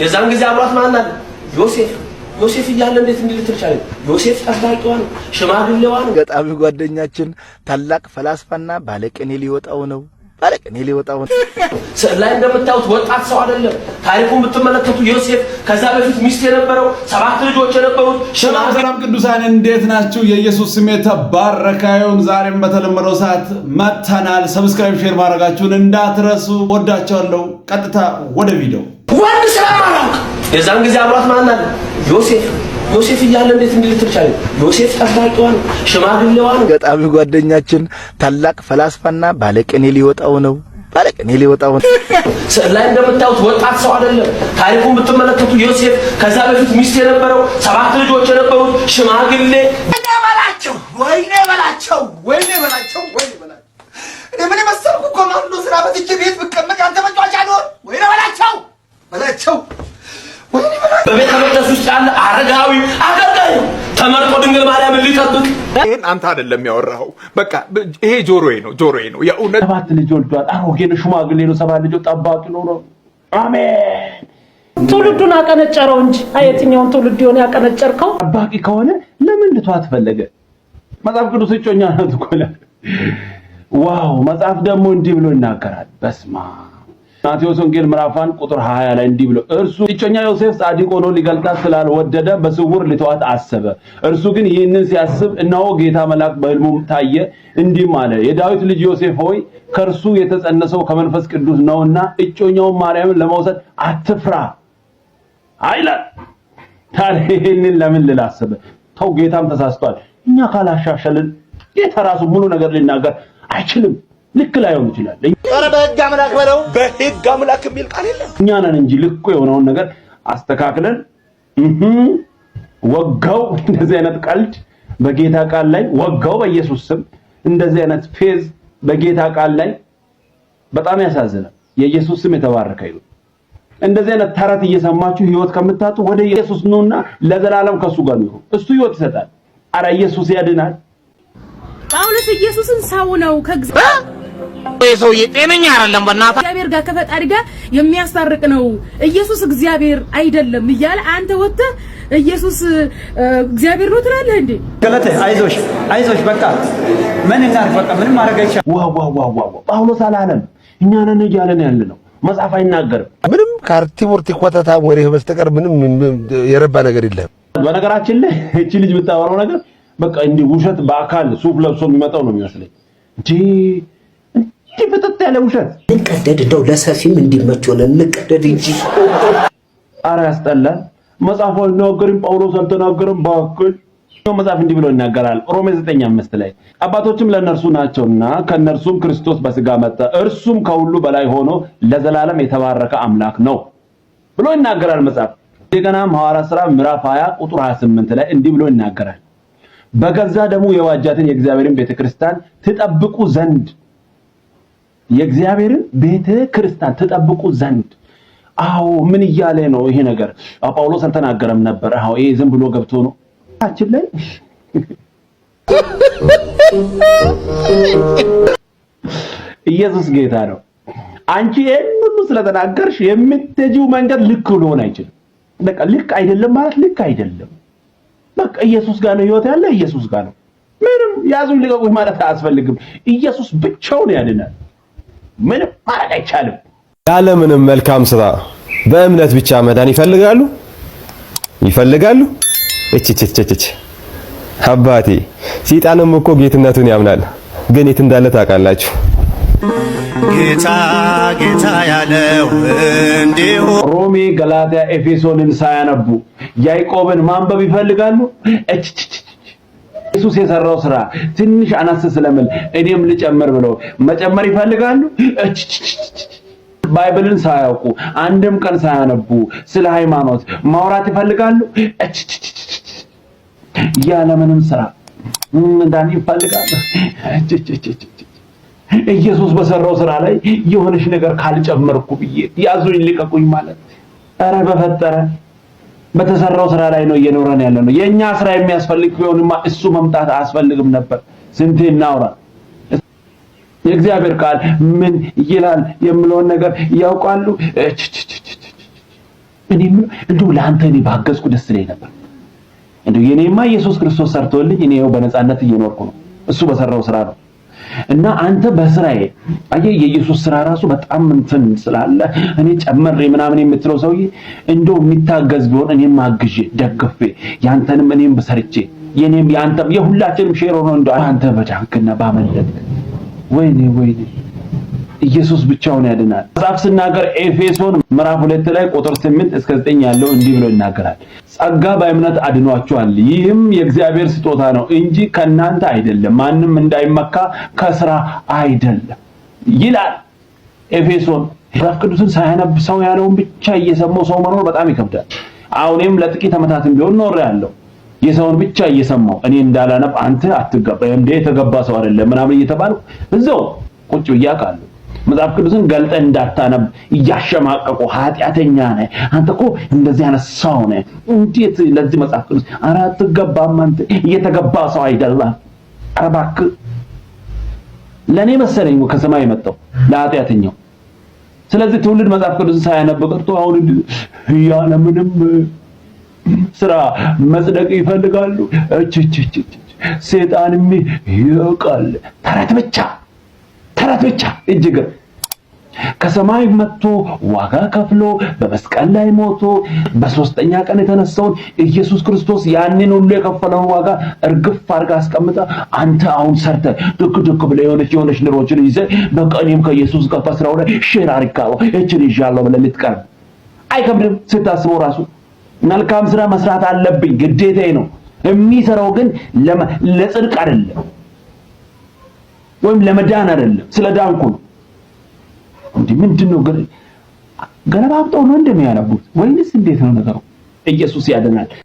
የዛን ጊዜ አብሯት ማን አለ? ዮሴፍ ዮሴፍ እያለ እንዴት እንዲል ትልቻለህ? ዮሴፍ ጠባቂዋ ነው፣ ሽማግሌዋ ነው። ገጣሚ ጓደኛችን ታላቅ ፈላስፋና ባለቅኔ ሊወጣው ነው። አለቅ እኔ ሊወጣው ላይ እንደምታዩት ወጣት ሰው አይደለም። ታሪኩን ብትመለከቱ ዮሴፍ ከዛ በፊት ሚስት የነበረው ሰባት ልጆች የነበሩት። ሽማ። ሰላም፣ ቅዱሳን እንዴት ናችሁ? የኢየሱስ ስም የተባረከ ይሁን። ዛሬም በተለመደው ሰዓት መጥተናል። ሰብስክራይብ፣ ሼር ማድረጋችሁን እንዳትረሱ። ወዳቸዋለሁ። ቀጥታ ወደ ቪዲዮ ወንድ የዛን ጊዜ አብሯት ማናል ዮሴፍ ዮሴፍ እያለ እንዴት እንድልትል ቻለ? ዮሴፍ ጠባቂዋ ነው፣ ሽማግሌዋ ነው። ገጣሚው ጓደኛችን ታላቅ ፈላስፋና ባለቅኔ ሊወጣው ነው ባለቅኔ ሊወጣው ነው። ስዕል ላይ እንደምታዩት ወጣት ሰው አይደለም። ታሪኩን ብትመለከቱ ዮሴፍ ከዛ በፊት ሚስት የነበረው ሰባት ልጆች የነበሩት ሽማግሌ። ወይኔ በላቸው፣ ወይኔ በላቸው፣ ወይኔ በላቸው ማርያምን ሊጠብቅ ይህን አንተ አይደለም ያወራኸው። በቃ ይሄ ጆሮዬ ነው ጆሮዬ ነው የእውነት ሰባት ልጅ ወልዷል። አሮጌ ነው፣ ሽማግሌ ነው፣ ሰባት ልጅ ጠባቂ ነው ነው። አሜን። ትውልዱን አቀነጨረው እንጂ የትኛውን ትውልድ የሆነ ያቀነጨርከው ጠባቂ ከሆነ ለምን ልቷት ፈለገ? መጽሐፍ ቅዱስ እጮኛ ናት እኮ ዋው። መጽሐፍ ደግሞ እንዲህ ብሎ ይናገራል። በስማ ማቴዎስ ወንጌል ምዕራፍ 1 ቁጥር 20 ላይ እንዲህ ብሎ እርሱ እጮኛ ዮሴፍ ጻድቅ ሆኖ ሊገልጣት ስላልወደደ በስውር ሊተዋት አሰበ። እርሱ ግን ይህንን ሲያስብ እነሆ ጌታ መልአክ በሕልሙ ታየ፣ እንዲህም አለ የዳዊት ልጅ ዮሴፍ ሆይ ከእርሱ የተጸነሰው ከመንፈስ ቅዱስ ነውና እጮኛውን ማርያምን ለመውሰድ አትፍራ አይላል። ታዲያ ይህንን ለምን ልል አሰበ? ተው ጌታም ተሳስቷል። እኛ ካላሻሸልን ጌታ ራሱ ሙሉ ነገር ሊናገር አይችልም። ልክ ላይሆን ይችላል። ኧረ በህግ አምላክ በለው በህግ አምላክ የሚል ቃል የለም። እኛ ነን እንጂ ልኩ የሆነውን ነገር አስተካክለን ወጋው። እንደዚህ አይነት ቀልድ በጌታ ቃል ላይ ወጋው፣ በኢየሱስ ስም እንደዚህ አይነት ፌዝ በጌታ ቃል ላይ በጣም ያሳዝናል። የኢየሱስ ስም የተባረከ ይሁን። እንደዚህ አይነት ተረት እየሰማችሁ ህይወት ከምታጡ ወደ ኢየሱስ ኑና ለዘላለም ከሱ ጋር ነው። እሱ ህይወት ይሰጣል። አረ ኢየሱስ ያድናል። ጳውሎስ ኢየሱስን ሰው ነው ከግዛ የሰውዬ ጤነኛ አይደለም። በእናትህ እግዚአብሔር ጋር ከፈጣሪ ጋር የሚያስታርቅ ነው። ኢየሱስ እግዚአብሔር አይደለም እያለ አንተ ወጥተህ ኢየሱስ እግዚአብሔር ነው ትላለህ እንዴ? ገለተ አይዞሽ፣ አይዞሽ በቃ ምን እናርግ፣ በቃ ምንም ማድረግ አይቻልም። ዋው ዋው ዋው ዋው! ጳውሎስ አላለም እኛ ነን እያለን ያለ ነው። መጽሐፍ አይናገርም። ምንም ካርቲሙርቲ ኮተታ ወሬ በስተቀር ምንም የረባ ነገር የለም። በነገራችን ላይ እቺ ልጅ የምታወራው ነገር በቃ እንዲህ ውሸት በአካል ሱፍ ለብሶ የሚመጣው ነው የሚመስለኝ እንጂ እንዲህ ፍጥጥ ያለ ውሸት እንቀደድ እንደው ለሰፊም እንዲመች እንቀደድ እንጂ አረ ያስጠላል። መጽሐፍ አልናገርም ጳውሎስ አልተናገርም ባክል መጽሐፍ እንዲህ ብሎ ይናገራል ሮሜ 9:5 ላይ አባቶችም ለእነርሱ ናቸውና ከእነርሱም ክርስቶስ በስጋ መጣ እርሱም ከሁሉ በላይ ሆኖ ለዘላለም የተባረከ አምላክ ነው ብሎ ይናገራል መጽሐፍ እንደገና ሐዋርያት ሥራ ምዕራፍ 20 ቁጥር 28 ላይ እንዲህ ብሎ ይናገራል በገዛ ደሙ የዋጃትን የእግዚአብሔርን ቤተክርስቲያን ትጠብቁ ዘንድ የእግዚአብሔርን ቤተ ክርስቲያን ትጠብቁ ዘንድ አዎ ምን እያለ ነው ይሄ ነገር? ጳውሎስ አልተናገረም ነበር? አዎ ይሄ ዝም ብሎ ገብቶ ነው ታችን ላይ ኢየሱስ ጌታ ነው። አንቺ ይሄን ሁሉ ስለተናገርሽ የምትጂው መንገድ ልክ ሊሆን አይችልም። በቃ ልክ አይደለም ማለት ልክ አይደለም። በቃ ኢየሱስ ጋር ነው ህይወት ያለ ኢየሱስ ጋር ነው። ምንም ያዙኝ ልቀቁኝ ማለት አያስፈልግም። ኢየሱስ ብቻውን ያድናል። ምንም ማድረግ አይቻልም። ያለ ምንም መልካም ስራ በእምነት ብቻ መዳን ይፈልጋሉ ይፈልጋሉ። እች እች እች አባቴ ሰይጣንም እኮ ጌትነቱን ያምናል፣ ግን የት እንዳለ ታውቃላችሁ? ጌታ ጌታ ያለው እንዲሁ ሮሜ፣ ገላትያ፣ ኤፌሶንን ሳያነቡ ያይቆብን ማንበብ ይፈልጋሉ። እች ኢየሱስ የሰራው ስራ ትንሽ አነስ ስለምል እኔም ልጨምር ብለው መጨመር ይፈልጋሉ። ባይብልን ሳያውቁ አንድም ቀን ሳያነቡ ስለ ሃይማኖት ማውራት ይፈልጋሉ። ያለምንም ስራ እንዳን ይፈልጋሉ። ኢየሱስ በሰራው ስራ ላይ የሆነች ነገር ካልጨመርኩ ብዬ ያዙኝ ልቀቁኝ ማለት ኧረ በፈጠረ በተሰራው ስራ ላይ ነው እየኖረን ያለ ነው። የኛ ስራ የሚያስፈልግ ቢሆንማ እሱ መምጣት አያስፈልግም ነበር። ስንቴ እናውራ። የእግዚአብሔር ቃል ምን ይላል የምለውን ነገር ያውቃሉ። እኔም እንደው ለአንተ እኔ ባገዝኩ ደስ ይለኝ ነበር። እንደው የኔማ ኢየሱስ ክርስቶስ ሰርቶልኝ እኔ ይኸው በነፃነት እየኖርኩ ነው። እሱ በሰራው ስራ ነው። እና አንተ በስራዬ አየ የኢየሱስ ስራ ራሱ በጣም እንትን ስላለ እኔ ጨመሬ ምናምን የምትለው ሰውዬ እንደው የሚታገዝ ቢሆን እኔም አግዤ ደግፌ ያንተንም እኔም ብሰርቼ የኔም የሁላችንም ሼር ሆኖ እንደው አንተ በዳንክና ባመለጥክ ወይኔ ወይኔ ኢየሱስ ብቻውን ያድናል። መጽሐፍ ስናገር ኤፌሶን ምዕራፍ ሁለት ላይ ቁጥር ስምንት እስከ ዘጠኝ ያለው እንዲህ ብሎ ይናገራል። ጸጋ በእምነት አድኗቸዋል፣ ይህም የእግዚአብሔር ስጦታ ነው እንጂ ከእናንተ አይደለም፣ ማንም እንዳይመካ ከስራ አይደለም ይላል ኤፌሶን። መጽሐፍ ቅዱስን ሳያነብ ሰው ያለውን ብቻ እየሰማው ሰው መኖር በጣም ይከብዳል። አሁንም ለጥቂት ዓመታትም ቢሆን ኖር ያለው የሰውን ብቻ እየሰማው እኔ እንዳላነብ አንተ አትገባ እንደ የተገባ ሰው አይደለም ምናምን እየተባልኩ እዛው ቁጭ ብያ አውቃለሁ። መጽሐፍ ቅዱስን ገልጠ እንዳታነብ እያሸማቀቁ ኃጢአተኛ ነህ አንተ እኮ እንደዚህ አይነት ሰው ነህ፣ እንዴት ለዚህ መጽሐፍ ቅዱስ ኧረ አትገባም አንተ እየተገባ ሰው አይደለም። ኧረ እባክህ ለእኔ መሰለኝ ከሰማይ የመጣው ለኃጢአተኛው። ስለዚህ ትውልድ መጽሐፍ ቅዱስን ሳያነብ ቀርቶ አሁን እያለ ምንም ስራ መጽደቅ ይፈልጋሉ። እች እች እች ይውቃል ተረት ብቻ በተረት ብቻ እጅግ ከሰማይ መጥቶ ዋጋ ከፍሎ በመስቀል ላይ ሞቶ በሶስተኛ ቀን የተነሳውን ኢየሱስ ክርስቶስ ያንን ሁሉ የከፈለውን ዋጋ እርግፍ አድርጋ አስቀምጠ አንተ አሁን ሰርተ ድክ ድክ ብለ የሆነች የሆነች ኑሮችን ይዘ በቀኔም ከኢየሱስ ጋር ከስራው ላይ ሽር አሪካው እችን ይዣለሁ ብለ ልትቀርብ አይከብድም። ስታስበው ራሱ መልካም ስራ መስራት አለብኝ ግዴታዬ ነው። የሚሰራው ግን ለጽድቅ አይደለም። ወይም ለመዳን አይደለም፣ ስለ ዳንኩ ነው። እንዴ ምንድን ነው ገለባብጠው ነው እንደሚያነቡት ወይንስ እንዴት ነው ነገሩ? ኢየሱስ ያድናል።